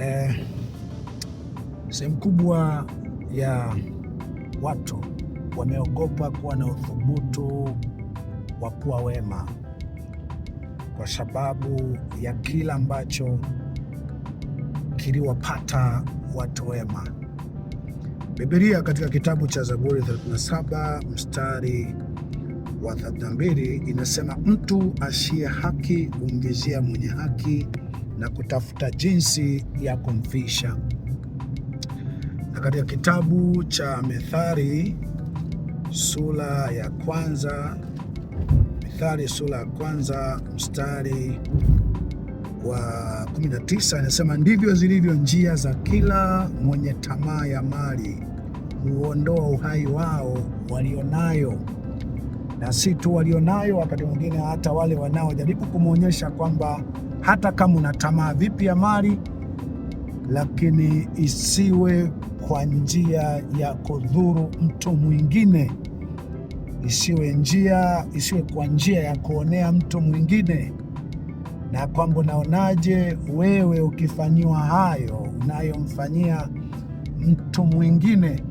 eh, sehemu kubwa ya watu wameogopa kuwa na uthubutu wa kuwa wema kwa sababu ya kila ambacho kiliwapata watu wema. bibilia katika kitabu cha Zaburi 37 mstari wa 32 inasema, mtu asiye haki humvizia mwenye haki na kutafuta jinsi ya kumfisha Na katika kitabu cha Methali sura ya kwanza, Methali sura ya kwanza mstari wa 19 inasema, ndivyo zilivyo njia za kila mwenye tamaa ya mali, huondoa uhai wao walionayo na si tu walionayo, wakati mwingine hata wale wanaojaribu kumwonyesha kwamba hata kama una tamaa vipi ya mali, lakini isiwe kwa njia ya kudhuru mtu mwingine, isiwe njia isiwe kwa njia ya kuonea mtu mwingine, na kwamba unaonaje wewe ukifanyiwa hayo unayomfanyia mtu mwingine.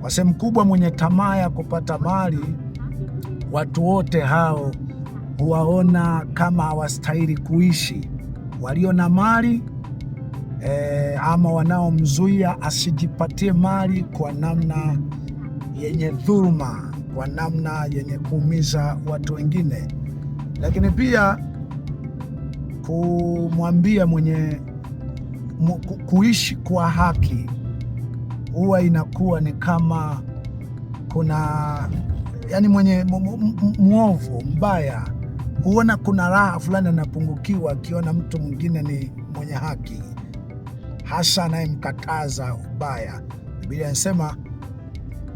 Kwa sehemu kubwa, mwenye tamaa ya kupata mali, watu wote hao huwaona kama hawastahili kuishi, walio na mali eh, ama wanaomzuia asijipatie mali kwa namna yenye dhuluma, kwa namna yenye kuumiza watu wengine, lakini pia kumwambia mwenye kuishi kwa haki huwa inakuwa ni kama kuna yani, mwenye mwovu mbaya huona kuna raha fulani anapungukiwa akiona mtu mwingine ni mwenye haki, hasa anayemkataza ubaya. Biblia inasema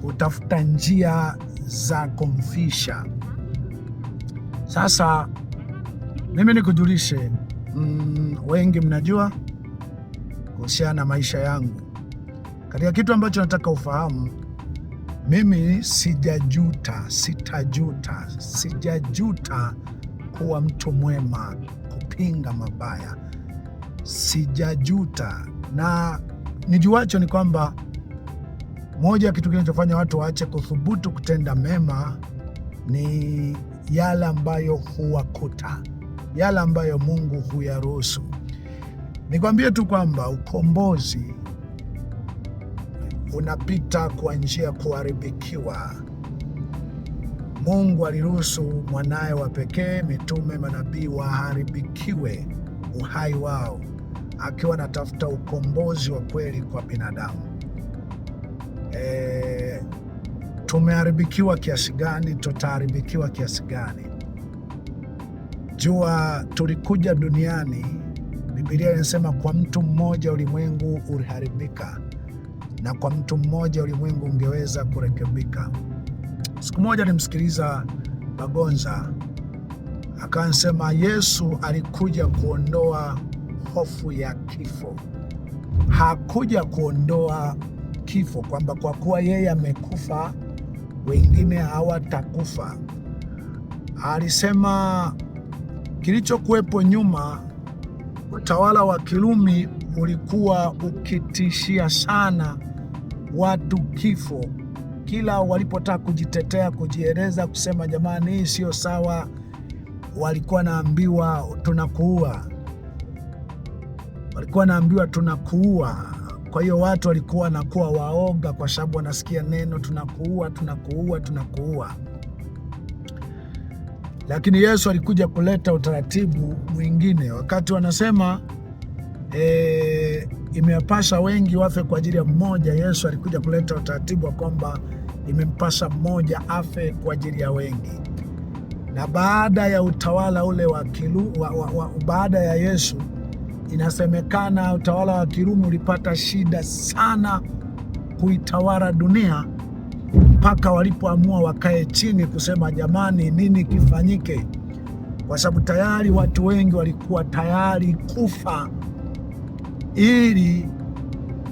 hutafuta njia za kumfisha. Sasa mimi nikujulishe, mm, wengi mnajua kuhusiana na maisha yangu. Katika kitu ambacho nataka ufahamu, mimi sijajuta, sitajuta, sijajuta kuwa mtu mwema, kupinga mabaya. Sijajuta na nijuacho ni kwamba moja ya kitu kinachofanya watu waache kuthubutu kutenda mema ni yale ambayo huwakuta, yale ambayo Mungu huyaruhusu. Nikwambie tu kwamba ukombozi unapita kwa njia ya kuharibikiwa Mungu aliruhusu mwanaye wa pekee mitume manabii waharibikiwe uhai wao, akiwa anatafuta ukombozi wa kweli kwa binadamu. E, tumeharibikiwa kiasi gani? Tutaharibikiwa kiasi gani? Jua tulikuja duniani, Biblia inasema kwa mtu mmoja ulimwengu uliharibika, na kwa mtu mmoja ulimwengu ungeweza kurekebika. Siku moja nimsikiliza Bagonza akansema, Yesu alikuja kuondoa hofu ya kifo, hakuja kuondoa kifo, kwamba kwa kuwa yeye amekufa wengine hawatakufa. Alisema kilichokuwepo nyuma, utawala wa Kirumi ulikuwa ukitishia sana watu kifo kila walipotaka kujitetea, kujieleza, kusema jamani, hii sio sawa, walikuwa naambiwa tunakuua, walikuwa naambiwa tunakuua. Kwa hiyo watu walikuwa wanakuwa waoga, kwa sababu wanasikia neno tunakuua, tunakuua, tunakuua. Lakini Yesu alikuja kuleta utaratibu mwingine, wakati wanasema eh, imewapasa wengi wafe kwa ajili ya mmoja, Yesu alikuja kuleta utaratibu wa kwamba imempasa mmoja afe kwa ajili ya wengi. Na baada ya utawala ule wa kilu, wa, wa, wa, baada ya Yesu inasemekana utawala wa Kirumi ulipata shida sana kuitawala dunia mpaka walipoamua wakae chini kusema jamani, nini kifanyike? Kwa sababu tayari watu wengi walikuwa tayari kufa ili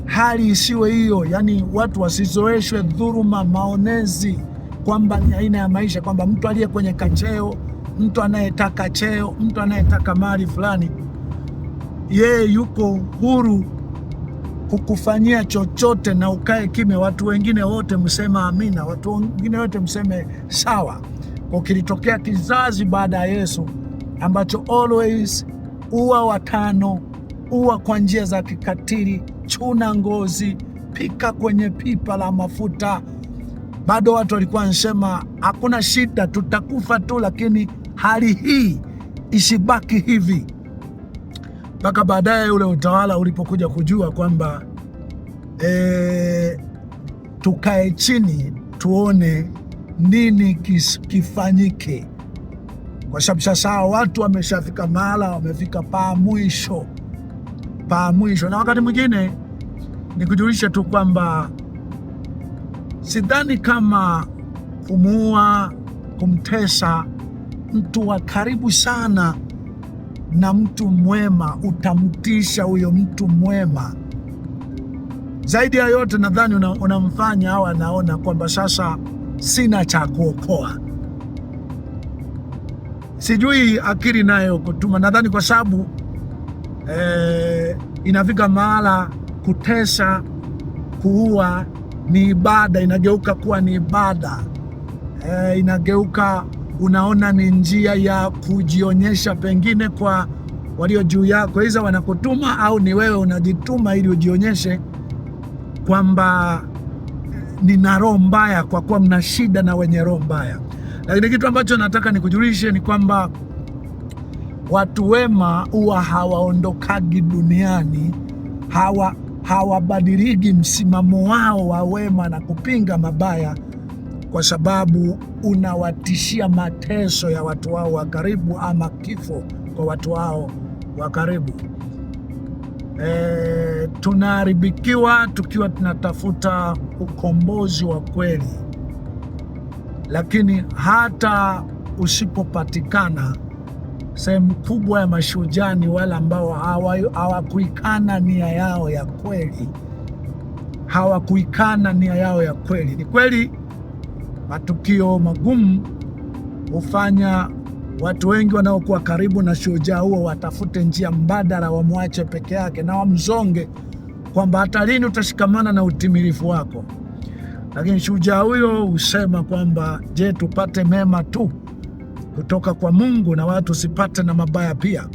hali isiwe hiyo, yaani watu wasizoeshwe dhuruma, maonezi, kwamba ni aina ya maisha, kwamba mtu aliye kwenye kacheo, mtu anayetaka cheo, mtu anayetaka mali fulani, yeye yuko huru kukufanyia chochote na ukae kime Watu wengine wote mseme amina, watu wengine wote mseme sawa. Kwa kilitokea kizazi baada ya Yesu ambacho always huwa watano ua kwa njia za kikatili, chuna ngozi, pika kwenye pipa la mafuta. Bado watu walikuwa wanasema hakuna shida, tutakufa tu, lakini hali hii isibaki hivi. Mpaka baadaye ule utawala ulipokuja kujua kwamba e, tukae chini tuone nini kis, kifanyike, kwa sababu sasa watu wameshafika mahala, wamefika paa mwisho pa mwisho. Na wakati mwingine nikujulisha tu kwamba sidhani kama kumuua, kumtesa mtu wa karibu sana na mtu mwema utamtisha huyo mtu mwema zaidi ya yote. Nadhani unamfanya una au anaona kwamba sasa sina cha kuokoa. Sijui akili nayo kutuma, nadhani kwa sababu eh, inafika mahala kutesha, kuua ni ibada, inageuka kuwa ni ibada eh, inageuka unaona ni njia ya kujionyesha pengine kwa walio juu yako, iza wanakutuma au ni wewe unajituma ili ujionyeshe kwamba nina roho mbaya, kwa kuwa mna shida na wenye roho mbaya. Lakini kitu ambacho nataka nikujulishe ni kwamba Watu wema huwa hawaondokagi duniani, hawa hawabadiligi msimamo wao wa wema na kupinga mabaya, kwa sababu unawatishia mateso ya watu wao wa karibu ama kifo kwa watu wao wa karibu. E, tunaharibikiwa tukiwa tunatafuta ukombozi wa kweli, lakini hata usipopatikana sehemu kubwa ya mashujaa ni wale ambao hawakuikana nia yao ya kweli, hawakuikana nia yao ya kweli. Ni kweli matukio magumu hufanya watu wengi wanaokuwa karibu na shujaa huo watafute njia mbadala, wamwache peke yake na wamzonge, kwamba hata lini utashikamana na utimilifu wako? Lakini shujaa huyo husema kwamba je, tupate mema tu kutoka kwa Mungu na watu usipate na mabaya pia.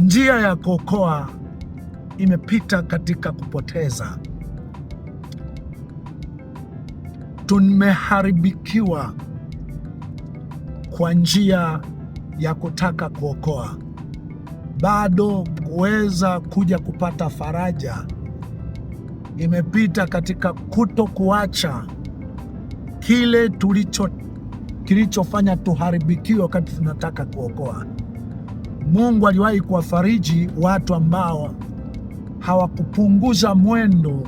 Njia ya kuokoa imepita katika kupoteza. Tumeharibikiwa kwa njia ya kutaka kuokoa, bado kuweza kuja kupata faraja imepita katika kuto kuacha kile tulicho kilichofanya tuharibikiwe wakati tunataka kuokoa. Mungu aliwahi kuwafariji watu ambao hawakupunguza mwendo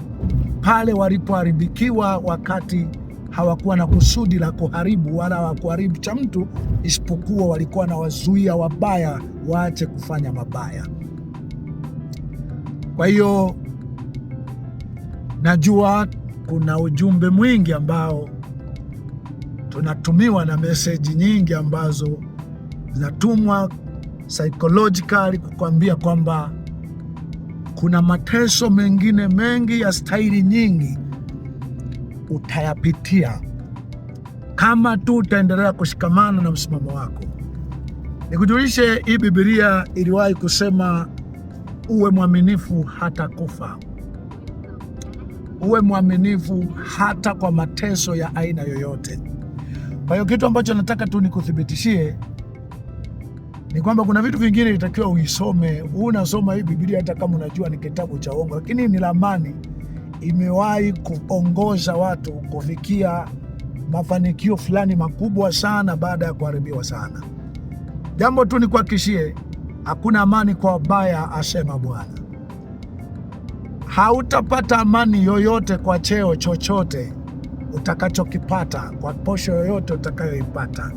pale walipoharibikiwa, wakati hawakuwa na kusudi la kuharibu wala hawakuharibu cha mtu, isipokuwa walikuwa na wazuia wabaya waache kufanya mabaya. Kwa hiyo najua kuna ujumbe mwingi ambao tunatumiwa na meseji nyingi ambazo zinatumwa psychologically kukwambia kwamba kuna mateso mengine mengi ya staili nyingi utayapitia kama tu utaendelea kushikamana na msimamo wako. Nikujulishe, hii Bibilia iliwahi kusema uwe mwaminifu hata kufa, uwe mwaminifu hata kwa mateso ya aina yoyote. Kwa hiyo kitu ambacho nataka tu nikuthibitishie ni kwamba kuna vitu vingine itakiwa uisome. Unasoma hii Biblia hata kama unajua ni kitabu cha uongo, lakini ni ramani imewahi kuongoza watu kufikia mafanikio fulani makubwa sana baada ya kuharibiwa sana. Jambo tu nikuhakishie, hakuna amani kwa wabaya, asema Bwana. Hautapata amani yoyote kwa cheo chochote utakachokipata kwa posho yoyote utakayoipata,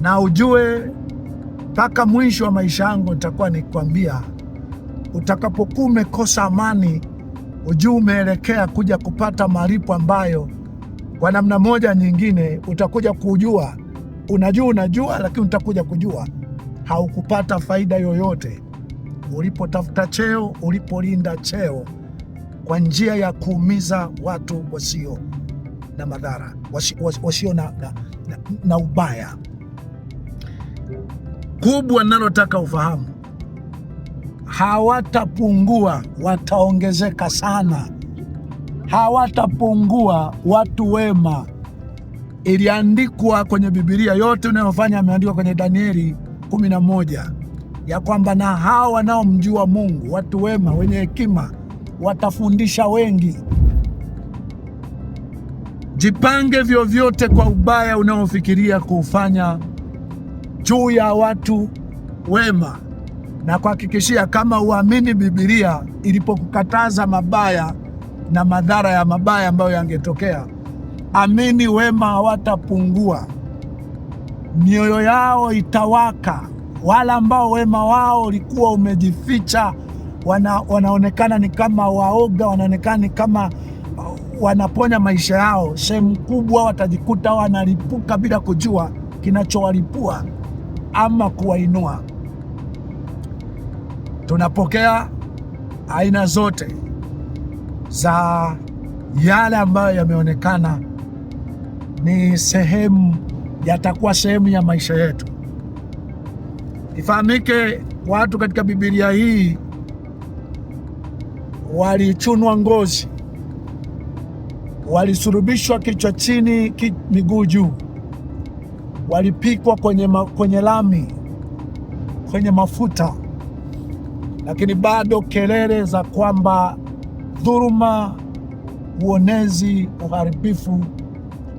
na ujue mpaka mwisho wa maisha yangu nitakuwa nikwambia, utakapokuwa umekosa amani, ujue umeelekea kuja kupata malipo ambayo kwa namna moja nyingine utakuja kujua, unajua unajua, lakini utakuja kujua haukupata faida yoyote ulipotafuta cheo, ulipolinda cheo kwa njia ya kuumiza watu wasio na madhara, wasio wasi, wasi na, na, na, na ubaya. Kubwa ninalotaka ufahamu, hawatapungua, wataongezeka sana. Hawatapungua watu wema. Iliandikwa kwenye Bibilia, yote unayofanya ameandikwa kwenye Danieli 11 ya kwamba na hao wanaomjua Mungu, watu wema wenye hekima, watafundisha wengi. Jipange vyovyote kwa ubaya unaofikiria kuufanya juu ya watu wema, na kuhakikishia kama uamini Bibilia ilipokukataza mabaya na madhara ya mabaya ambayo yangetokea, amini wema hawatapungua, mioyo yao itawaka. wala ambao wema wao ulikuwa umejificha wana, wanaonekana ni kama waoga, wanaonekana ni kama wanaponya maisha yao, sehemu kubwa watajikuta wanalipuka bila kujua kinachowalipua ama kuwainua. Tunapokea aina zote za yale ambayo yameonekana ni sehemu, yatakuwa sehemu ya maisha yetu. Ifahamike, watu katika Biblia hii walichunwa ngozi walisurubishwa kichwa chini ki, miguu juu, walipikwa kwenye, ma, kwenye lami kwenye mafuta, lakini bado kelele za kwamba dhuruma uonezi, uharibifu,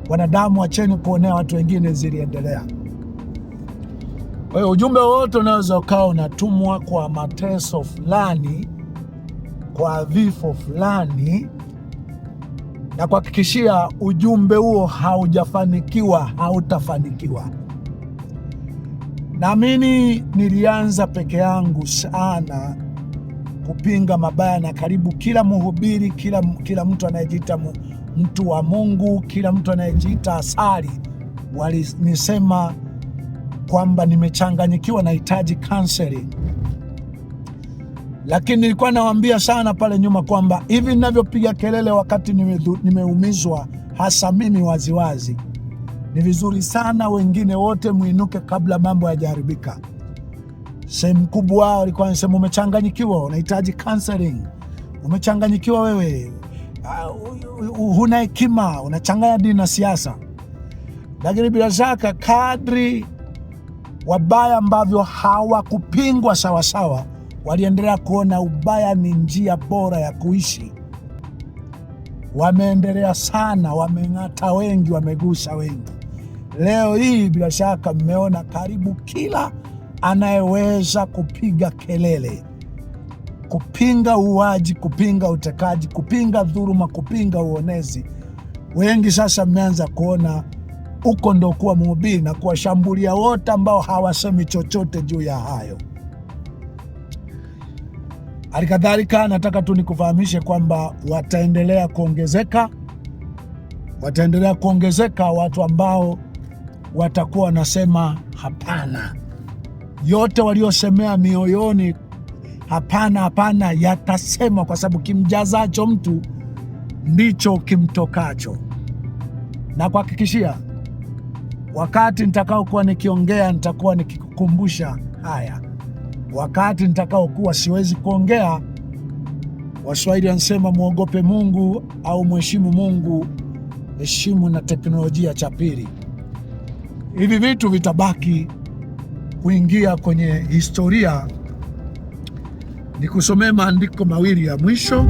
wanadamu acheni kuonea watu wengine ziliendelea. Kwa hiyo ujumbe wote unaweza ukawa unatumwa kwa mateso fulani, kwa vifo fulani na kuhakikishia ujumbe huo haujafanikiwa, hautafanikiwa. Naamini nilianza peke yangu sana kupinga mabaya, na karibu kila mhubiri, kila, kila mtu anayejiita mtu wa Mungu, kila mtu anayejiita asali walinisema kwamba nimechanganyikiwa, nahitaji counseling lakini nilikuwa nawaambia sana pale nyuma kwamba hivi ninavyopiga kelele wakati nimeumizwa, hasa mimi waziwazi, ni vizuri sana wengine wote mwinuke kabla mambo yajaharibika. Sehemu kubwa walikuwa wanasema umechanganyikiwa, unahitaji counseling, umechanganyikiwa wewe, ah, huna hekima, unachanganya dini na siasa. Lakini bila shaka kadri wabaya ambavyo hawakupingwa sawasawa waliendelea kuona ubaya ni njia bora ya kuishi. Wameendelea sana, wameng'ata wengi, wamegusa wengi. Leo hii bila shaka mmeona karibu kila anayeweza kupiga kelele, kupinga uuaji, kupinga utekaji, kupinga dhuluma, kupinga uonezi. Wengi sasa mmeanza kuona uko ndo kuwa mhubiri na kuwashambulia wote ambao hawasemi chochote juu ya hayo. Halikadhalika, nataka tu nikufahamishe kwamba wataendelea kuongezeka, wataendelea kuongezeka watu ambao watakuwa wanasema hapana. Yote waliosemea mioyoni hapana, hapana, yatasemwa, kwa sababu kimjazacho mtu ndicho kimtokacho. Na kuhakikishia, wakati nitakaokuwa nikiongea nitakuwa nikikukumbusha haya wakati nitakaokuwa siwezi kuongea. Waswahili wanasema mwogope Mungu au mheshimu Mungu, heshimu na teknolojia. Cha pili, hivi vitu vitabaki kuingia kwenye historia. Nikusomee maandiko mawili ya mwisho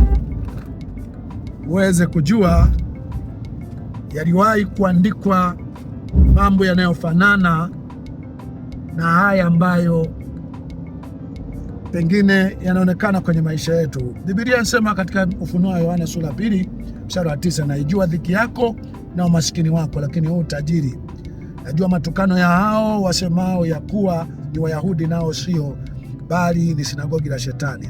uweze kujua yaliwahi kuandikwa mambo yanayofanana na haya ambayo pengine yanaonekana kwenye maisha yetu. Bibilia inasema katika Ufunuo wa Yohana sura pili mstari wa tisa, naijua dhiki yako na umasikini wako, lakini huu utajiri. Najua matukano ya hao wasemao ya kuwa ni Wayahudi nao sio, bali ni sinagogi la Shetani.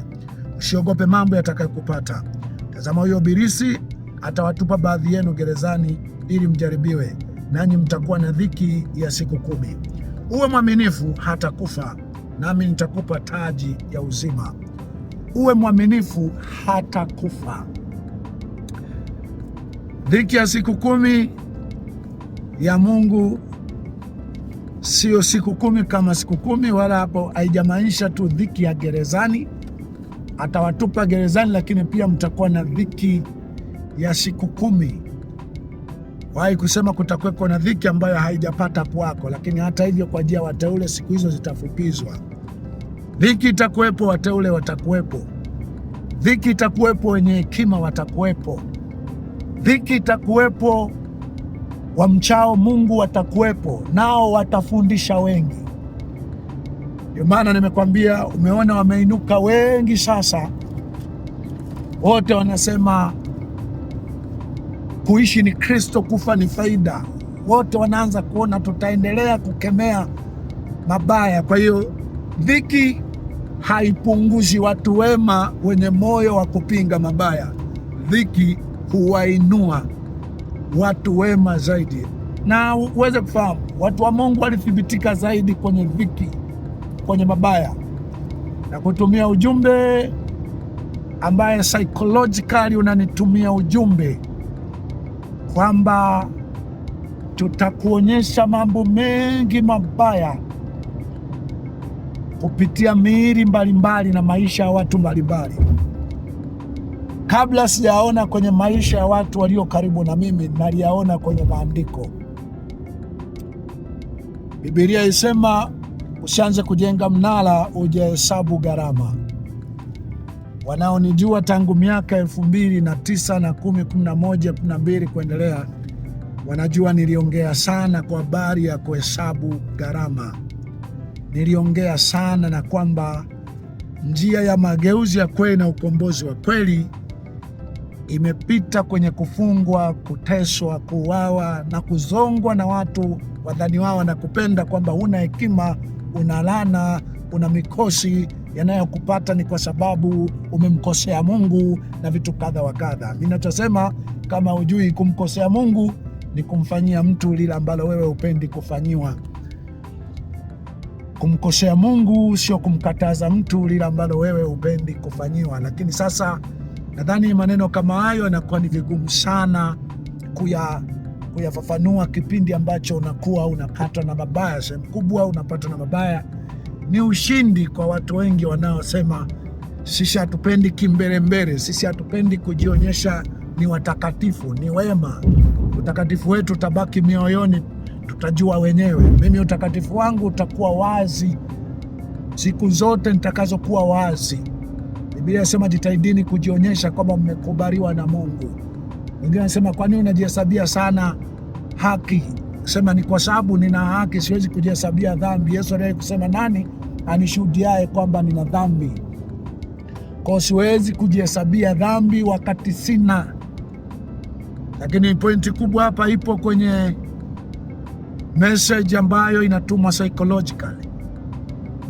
Usiogope mambo yatakayokupata. Tazama, huyo birisi atawatupa baadhi yenu gerezani, ili mjaribiwe, nanyi mtakuwa na dhiki ya siku kumi. Uwe mwaminifu hata kufa, nami nitakupa taji ya uzima. Uwe mwaminifu hata kufa. Dhiki ya siku kumi ya Mungu sio siku kumi kama siku kumi, wala hapo haijamaanisha tu dhiki ya gerezani. Atawatupa gerezani, lakini pia mtakuwa na dhiki ya siku kumi Wahi kusema kutakuweko na dhiki ambayo haijapata kwako, lakini hata hivyo kwa njia ya wateule siku hizo zitafupizwa. Dhiki itakuwepo, wateule watakuwepo. Dhiki itakuwepo, wenye hekima watakuwepo. Dhiki itakuwepo, wamchao Mungu watakuwepo, nao watafundisha wengi. Ndio maana nimekwambia, umeona wameinuka wengi sasa, wote wanasema kuishi ni Kristo, kufa ni faida. Wote wanaanza kuona tutaendelea kukemea mabaya. Kwa hiyo dhiki haipunguzi watu wema wenye moyo wa kupinga mabaya, dhiki huwainua watu wema zaidi. Na uweze kufahamu watu wa Mungu walithibitika zaidi kwenye dhiki, kwenye mabaya, na kutumia ujumbe ambaye psychologically unanitumia ujumbe kwamba tutakuonyesha mambo mengi mabaya kupitia miili mbalimbali na maisha ya watu mbalimbali. Kabla sijaona kwenye maisha ya watu walio karibu na mimi, naliyaona kwenye maandiko. Bibilia isema usianze kujenga mnara, ujahesabu gharama wanaonijua tangu miaka elfu mbili na tisa na kumi kumi na moja kumi na mbili kuendelea wanajua niliongea sana kwa habari ya kuhesabu gharama. Niliongea sana na kwamba njia ya mageuzi ya kweli na ukombozi wa kweli imepita kwenye kufungwa, kuteswa, kuuawa na kuzongwa na watu wadhani wao wanakupenda kwamba huna hekima, una laana, una mikosi yanayokupata ni kwa sababu umemkosea Mungu na vitu kadha wa kadha. Ninachosema kama hujui, kumkosea Mungu ni kumfanyia mtu lile ambalo wewe upendi kufanyiwa. Kumkosea Mungu sio kumkataza mtu lile ambalo wewe hupendi kufanyiwa. Lakini sasa nadhani maneno kama hayo yanakuwa ni vigumu sana kuya kuyafafanua kipindi ambacho unakuwa unapatwa na mabaya, sehemu kubwa unapatwa na mabaya ni ushindi kwa watu wengi wanaosema sisi hatupendi kimbelembele, sisi hatupendi kujionyesha ni watakatifu, ni wema. Utakatifu wetu utabaki mioyoni, tutajua wenyewe. Mimi utakatifu wangu utakuwa wazi siku zote nitakazokuwa wazi. Biblia inasema jitahidini kujionyesha kwamba mmekubaliwa na Mungu. Wengine anasema kwa nini unajihesabia sana haki? kusema ni kwa sababu nina haki, siwezi kujihesabia dhambi. Yesu aliwahi kusema nani anishuhudiaye kwamba nina dhambi? Kwa siwezi kujihesabia dhambi wakati sina. Lakini pointi kubwa hapa ipo kwenye message ambayo inatumwa psychologically,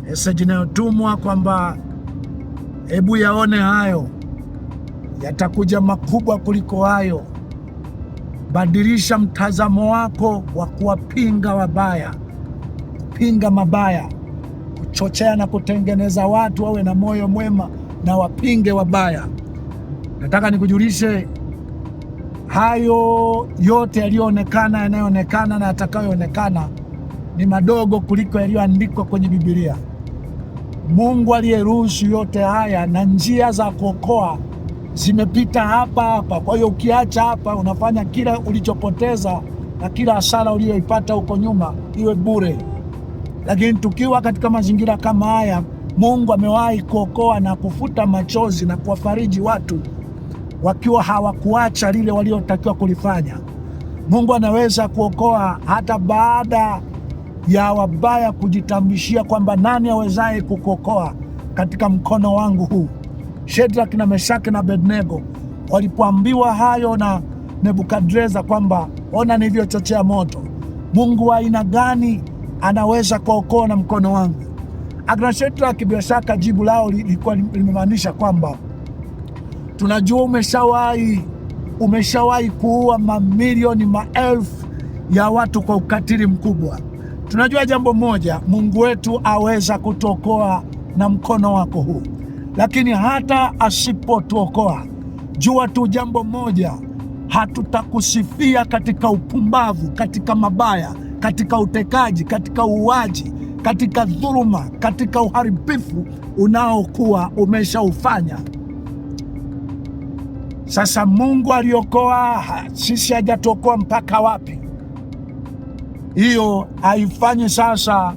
message inayotumwa kwamba hebu yaone hayo, yatakuja makubwa kuliko hayo. Badilisha mtazamo wako wa kuwapinga wabaya, kupinga mabaya, kuchochea na kutengeneza watu wawe na moyo mwema na wapinge wabaya. Nataka nikujulishe hayo yote yaliyoonekana, yanayoonekana na yatakayoonekana ni madogo kuliko yaliyoandikwa kwenye Biblia. Mungu aliyeruhusu yote haya na njia za kuokoa zimepita hapa hapa. Kwa hiyo ukiacha hapa, unafanya kila ulichopoteza na kila hasara uliyoipata huko nyuma iwe bure. Lakini tukiwa katika mazingira kama haya, Mungu amewahi kuokoa na kufuta machozi na kuwafariji watu wakiwa hawakuacha lile waliotakiwa kulifanya. Mungu anaweza kuokoa hata baada ya wabaya kujitambishia kwamba nani awezaye kukuokoa katika mkono wangu huu. Shedrak na meshake na Abednego walipoambiwa hayo na Nebukadreza kwamba ona nilivyochochea moto, Mungu wa aina gani anaweza kuokoa na mkono wangu? Agnashedrak, bila shaka jibu lao lilikuwa limemaanisha kwamba tunajua umeshawahi umeshawahi kuua mamilioni maelfu ya watu kwa ukatili mkubwa. Tunajua jambo moja, Mungu wetu aweza kutokoa na mkono wako huu. Lakini hata asipotuokoa, jua tu jambo moja, hatutakusifia katika upumbavu, katika mabaya, katika utekaji, katika uuaji, katika dhuluma, katika uharibifu unaokuwa umeshaufanya. Sasa Mungu aliokoa sisi, hajatuokoa mpaka wapi? Hiyo haifanyi sasa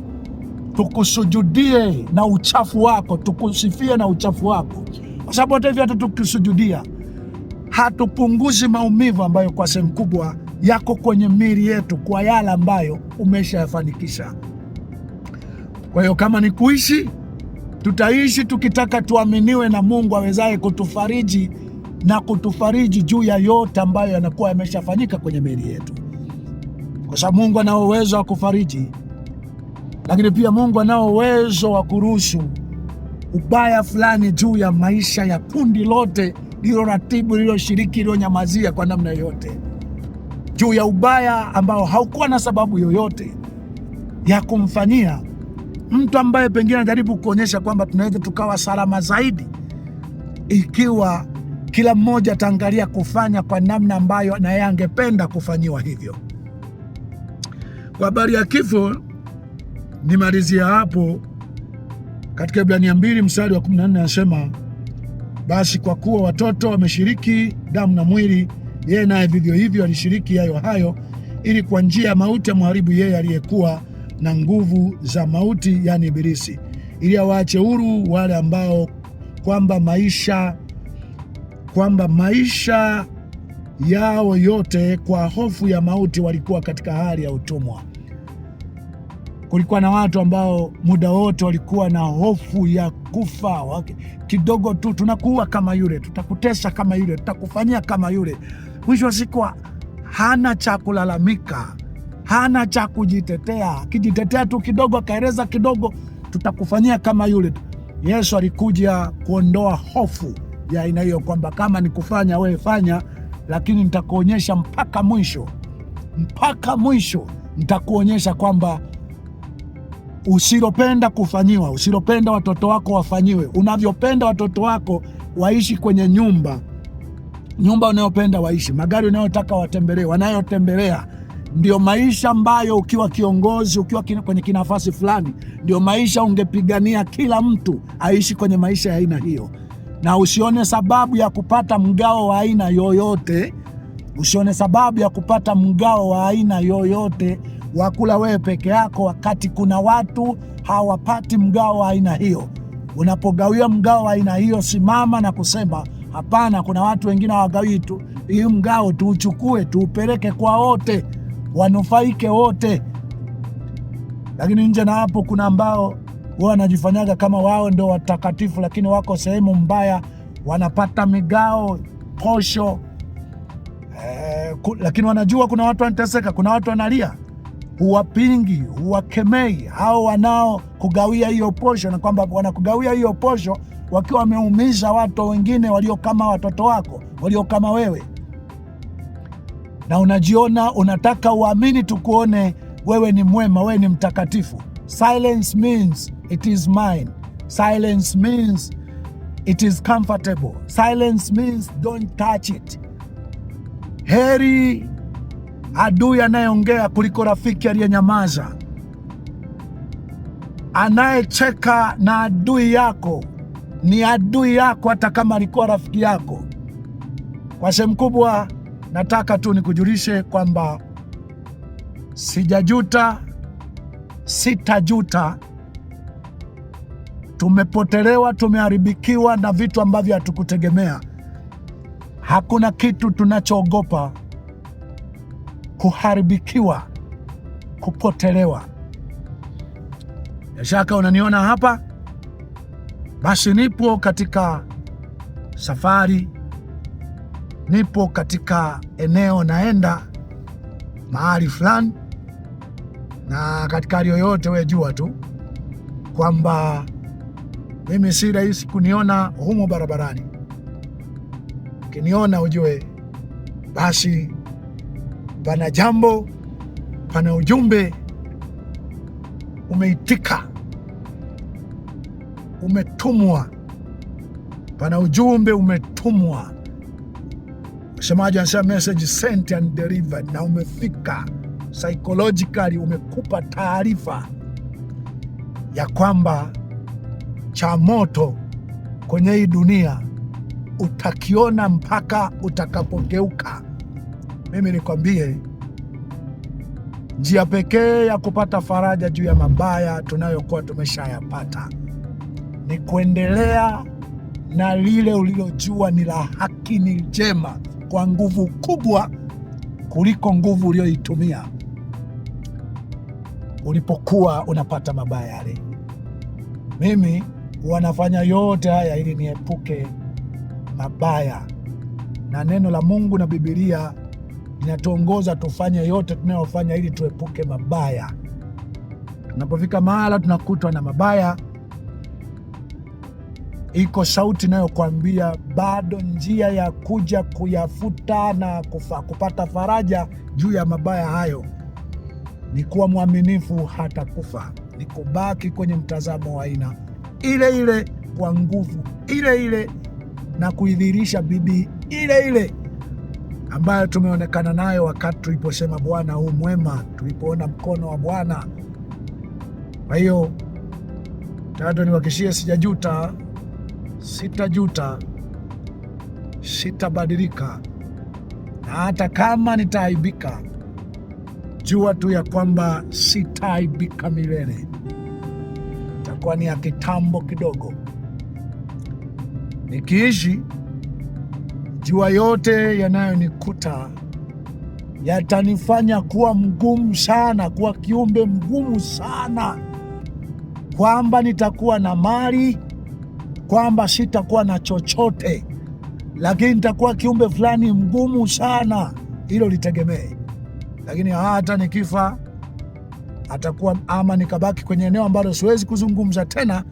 tukusujudie na uchafu wako, tukusifie na uchafu wako, kwa sababu hata hivi hata tukisujudia hatupunguzi maumivu ambayo kwa sehemu kubwa yako kwenye miili yetu kwa yale ambayo umeshayafanikisha. Kwa hiyo kama ni kuishi, tutaishi tukitaka tuaminiwe na Mungu awezaye kutufariji na kutufariji juu ya yote ambayo yanakuwa yameshafanyika kwenye miili yetu, kwa sababu Mungu ana uwezo wa kufariji lakini pia Mungu anao uwezo wa kuruhusu ubaya fulani juu ya maisha ya kundi lote lilo shiriki lilo nyamazia kwa namna yoyote, juu ya ubaya ambao haukuwa na sababu yoyote ya kumfanyia mtu ambaye pengine anajaribu kuonyesha kwamba tunaweza tukawa salama zaidi ikiwa kila mmoja ataangalia kufanya kwa namna ambayo na yeye angependa kufanyiwa hivyo. Kwa habari ya kifo Nimalizia hapo katika Ibrania mbili mstari wa 14 anasema, basi kwa kuwa watoto wameshiriki damu na mwili, yeye naye vivyo hivyo alishiriki hayo hayo, ili kwa njia ya mauti amharibu yeye aliyekuwa na nguvu za mauti, yaani Ibilisi, ili awaache huru wale ambao kwamba maisha kwamba maisha yao yote kwa hofu ya mauti walikuwa katika hali ya utumwa kulikuwa na watu ambao muda wote walikuwa na hofu ya kufa. Kidogo tu tunakuua kama yule, tutakutesa kama yule, tutakufanyia kama yule. Mwisho wa siku hana cha kulalamika, hana cha kujitetea. Akijitetea tu kidogo, akaeleza kidogo, tutakufanyia kama yule. Yesu alikuja kuondoa hofu ya aina hiyo, kwamba kama ni kufanya wewe fanya, lakini nitakuonyesha mpaka mwisho, mpaka mwisho nitakuonyesha kwamba usilopenda kufanyiwa, usilopenda watoto wako wafanyiwe, unavyopenda watoto wako waishi kwenye nyumba nyumba unayopenda waishi, magari unayotaka watembelee, wanayotembelea. Ndio maisha ambayo ukiwa kiongozi, ukiwa kwenye kinafasi fulani, ndio maisha ungepigania kila mtu aishi kwenye maisha ya aina hiyo, na usione sababu ya kupata mgao wa aina yoyote, usione sababu ya kupata mgao wa aina yoyote wakula wewe peke yako, wakati kuna watu hawapati mgao wa aina hiyo. unapogawia mgao wa aina hiyo, simama na kusema hapana, kuna watu wengine hawagawi tu hii mgao, tuuchukue tuupeleke kwa wote, wanufaike wote. Lakini nje na hapo, kuna ambao wanajifanyaga kama wao ndo watakatifu, lakini wako sehemu mbaya, wanapata migao posho eh, ku, lakini wanajua kuna watu wanateseka, kuna watu wanalia huwapingi, huwakemei hao kugawia hiyo posho, na kwamba wanakugawia hiyo posho wakiwa wameumiza watu wengine walio kama watoto wako, walio kama wewe, na unajiona unataka uamini tukuone wewe ni mwema, wewe ni mtakatifu. Silence means it is mine. Silence means it is comfortable. Silence means don't touch it. Heri adui anayeongea kuliko rafiki aliyenyamaza, anayecheka na adui yako ni adui yako, hata kama alikuwa rafiki yako. Kwa sehemu kubwa, nataka tu nikujulishe kwamba sijajuta, sitajuta. Tumepotelewa, tumeharibikiwa na vitu ambavyo hatukutegemea. Hakuna kitu tunachoogopa kuharibikiwa, kupotelewa. Bila shaka unaniona hapa, basi nipo katika safari, nipo katika eneo, naenda mahali fulani, na katika hali yoyote, we jua tu kwamba mimi si rahisi kuniona humo barabarani. Ukiniona ujue basi pana jambo, pana ujumbe. Umeitika, umetumwa, pana ujumbe umetumwa. Msemaji anasema message sent and delivered, na umefika. Psychologically umekupa taarifa ya kwamba cha moto kwenye hii dunia utakiona mpaka utakapogeuka mimi nikwambie, njia pekee ya kupata faraja juu ya mabaya tunayokuwa tumeshayapata ni kuendelea na lile ulilojua ni la haki, ni jema kwa nguvu kubwa kuliko nguvu uliyoitumia ulipokuwa unapata mabaya yale. Mimi wanafanya yote haya ili niepuke mabaya, na neno la Mungu na Biblia linatuongoza tufanye yote tunayofanya ili tuepuke mabaya. Tunapofika mahala tunakutwa na mabaya, iko sauti inayokuambia bado njia ya kuja kuyafuta na kufa, kupata faraja juu ya mabaya hayo ni kuwa mwaminifu hata kufa, ni kubaki kwenye mtazamo wa aina ile ile kwa nguvu ile ile na kuidhirisha bidii ile ile ambayo tumeonekana nayo wakati tuliposema Bwana huu mwema, tulipoona mkono wa Bwana. Kwa hiyo tado niwakishie, sijajuta, sitajuta, sitabadilika, na hata kama nitaaibika, jua tu ya kwamba sitaaibika milele. Itakuwa ni ya kitambo kidogo nikiishi jua yote yanayonikuta yatanifanya kuwa mgumu sana, kuwa kiumbe mgumu sana, kwamba nitakuwa na mali, kwamba sitakuwa na chochote, lakini nitakuwa kiumbe fulani mgumu sana, hilo litegemee. Lakini hata nikifa atakuwa ama nikabaki kwenye eneo ambalo siwezi kuzungumza tena,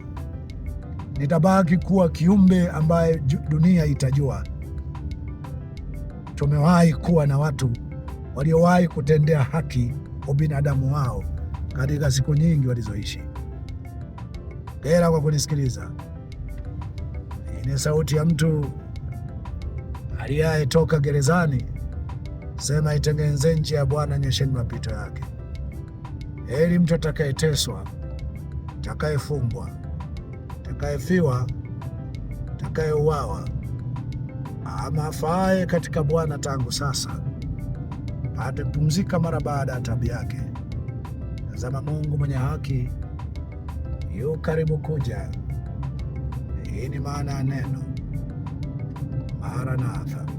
nitabaki kuwa kiumbe ambaye dunia itajua tumewahi kuwa na watu waliowahi kutendea haki ubinadamu wao katika siku nyingi walizoishi. gera kwa kunisikiliza. Ni sauti ya mtu aliyetoka gerezani. Sema, itengeneze njia ya Bwana, nyesheni mapito yake. Heri mtu atakayeteswa, atakayefungwa, atakayefiwa, atakayeuawa ama afaaye katika Bwana tangu sasa, pate kupumzika mara baada ya tabu yake. Tazama, Mungu mwenye haki yu karibu kuja. Hii ni maana ya neno Maranatha.